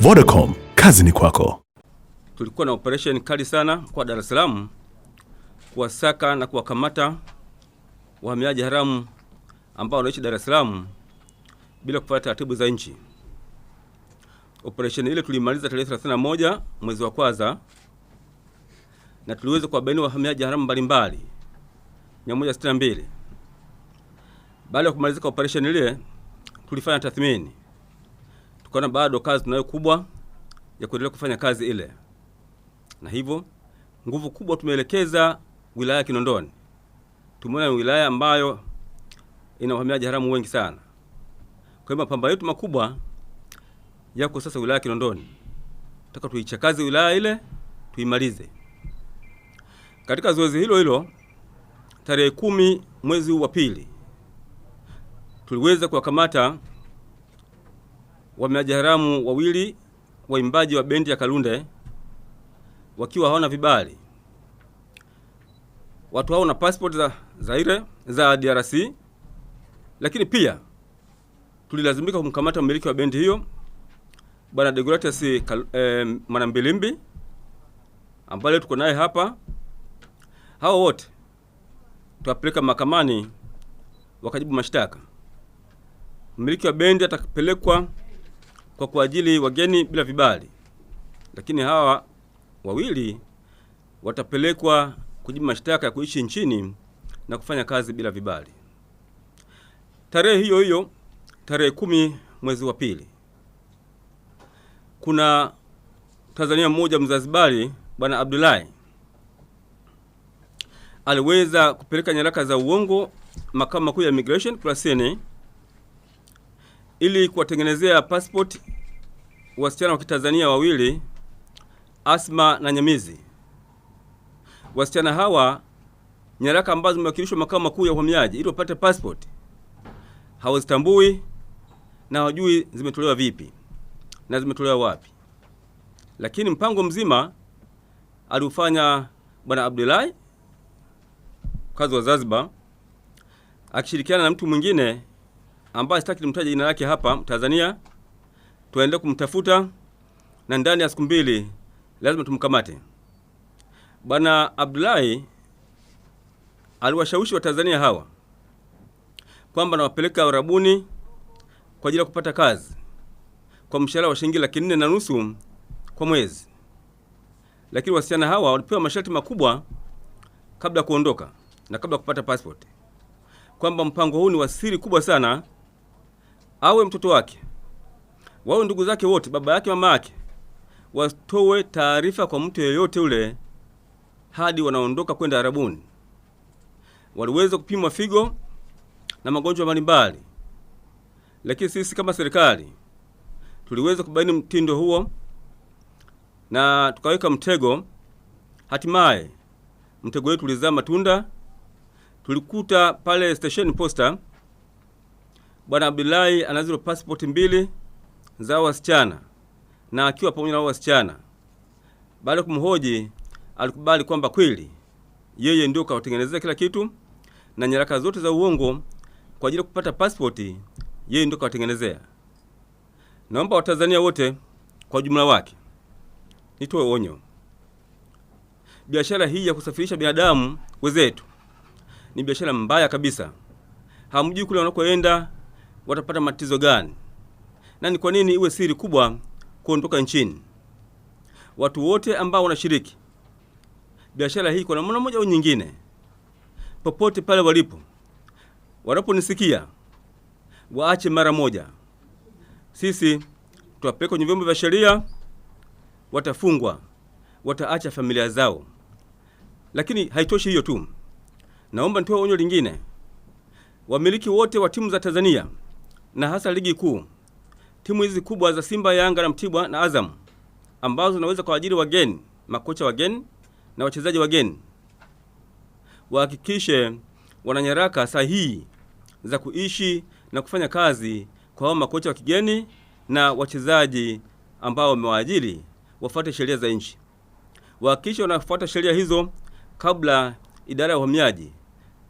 Vodacom, kazi ni kwako. Tulikuwa na operation kali sana kwa Dar es Salaam kuwasaka na kuwakamata wahamiaji haramu ambao wanaishi Dar es Salaam bila kufuata taratibu za nchi. Operesheni ile tulimaliza tarehe 31 mwezi wa kwanza, na tuliweza kuwabaini wahamiaji haramu mbalimbali 162. Baada ya kumalizika operesheni ile, tulifanya tathmini tukaona bado kazi tunayo kubwa ya kuendelea kufanya kazi ile, na hivyo nguvu kubwa tumeelekeza wilaya ya Kinondoni. Tumeona ni wilaya ambayo ina wahamiaji haramu wengi sana. Kwa hiyo mapambano yetu makubwa yako sasa wilaya ya Kinondoni, taka tuichakaze wilaya ile tuimalize. Katika zoezi hilo hilo, tarehe kumi mwezi wa pili tuliweza kuwakamata Wamiaji haramu wawili waimbaji wa bendi ya Kalunde wakiwa hawana vibali. Watu hao na passport za Zaire za DRC, lakini pia tulilazimika kumkamata mmiliki wa bendi hiyo Bwana Deogratius eh, Mwanambilimbi ambaye tuko naye hapa. Hao wote tuwapeleka mahakamani wakajibu mashtaka. Mmiliki wa bendi atapelekwa kwa kuajili wageni bila vibali, lakini hawa wawili watapelekwa kujibu mashtaka ya kuishi nchini na kufanya kazi bila vibali. Tarehe hiyo hiyo, tarehe kumi mwezi wa pili, kuna Tanzania mmoja Mzanzibari, bwana Abdullahi aliweza kupeleka nyaraka za uongo makao makuu ya immigration Kurasini ili kuwatengenezea passport wasichana wa Kitanzania wawili Asma na Nyamizi. Wasichana hawa nyaraka ambazo zimewakilishwa makao makuu ya uhamiaji ili wapate passport hawazitambui na hawajui zimetolewa vipi na zimetolewa wapi, lakini mpango mzima aliufanya Bwana Abdullahi mkazi wa Zanzibar akishirikiana na mtu mwingine ambaye sitaki nimtaje jina lake hapa Tanzania, tuendelee kumtafuta na ndani ya siku mbili lazima tumkamate. Bwana Abdullahi aliwashawishi Watanzania hawa kwamba nawapeleka Arabuni kwa ajili ya kupata kazi kwa mshahara wa shilingi laki nne na nusu kwa mwezi, lakini wasichana hawa walipewa masharti makubwa kabla ya kuondoka na kabla ya kupata passport, kwamba mpango huu ni wa siri kubwa sana awe mtoto wake, wawe ndugu zake wote, baba yake, mama yake, watowe taarifa kwa mtu yeyote ule hadi wanaondoka kwenda Arabuni. Waliweza kupimwa figo na magonjwa mbalimbali, lakini sisi kama serikali tuliweza kubaini mtindo huo na tukaweka mtego. Hatimaye mtego wetu ulizaa matunda. Tulikuta pale station posta Bwana Abdullahi ana zile passport mbili za wasichana na akiwa pamoja na wasichana. Baada kumhoji, alikubali kwamba kweli yeye ndio kawatengenezea kila kitu na nyaraka zote za uongo kwa ajili ya kupata pasipoti, yeye ndio kawatengenezea. Naomba Watanzania wote kwa jumla wake nitoe onyo. Biashara hii ya kusafirisha binadamu wenzetu ni biashara mbaya kabisa. Hamjui kule wanakoenda watapata matatizo gani na ni kwa nini iwe siri kubwa kuondoka nchini. Watu wote ambao wanashiriki biashara hii kwa namna moja au nyingine, popote pale walipo, wanaponisikia waache mara moja. Sisi tuwapeleke kwenye vyombo vya sheria, watafungwa, wataacha familia zao. Lakini haitoshi hiyo tu, naomba nitoe onyo lingine. Wamiliki wote wa timu za Tanzania na hasa ligi kuu. Timu hizi kubwa za Simba, Yanga na Mtibwa na Azam ambazo zinaweza kuajiri wageni, makocha wageni na wachezaji wageni, wahakikishe wana nyaraka sahihi za kuishi na kufanya kazi kwa hao makocha wa kigeni na wachezaji ambao wamewaajiri, wafuate sheria za nchi, wahakikishe wanafuata sheria hizo kabla idara ya uhamiaji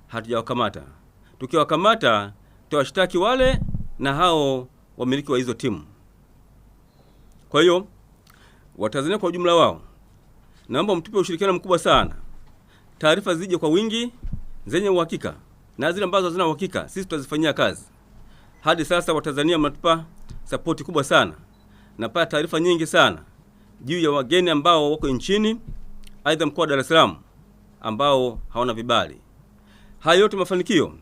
hatujawakamata. Tukiwakamata tutawashtaki wale na hao wamiliki wa hizo timu. Kwa hiyo Watanzania kwa ujumla wao, naomba mtupe ushirikiano mkubwa sana, taarifa zije kwa wingi zenye uhakika, na zile ambazo hazina uhakika sisi tutazifanyia kazi. Hadi sasa Watanzania mnatupa sapoti kubwa sana, napata taarifa nyingi sana juu ya wageni ambao wako nchini, aidha mkoa wa Dar es Salaam ambao hawana vibali. Haya yote mafanikio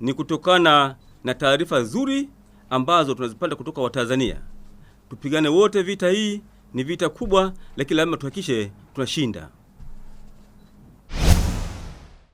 ni kutokana na taarifa nzuri ambazo tunazipata kutoka Watanzania. Tupigane wote vita hii, ni vita kubwa, lakini lazima tuhakikishe tunashinda.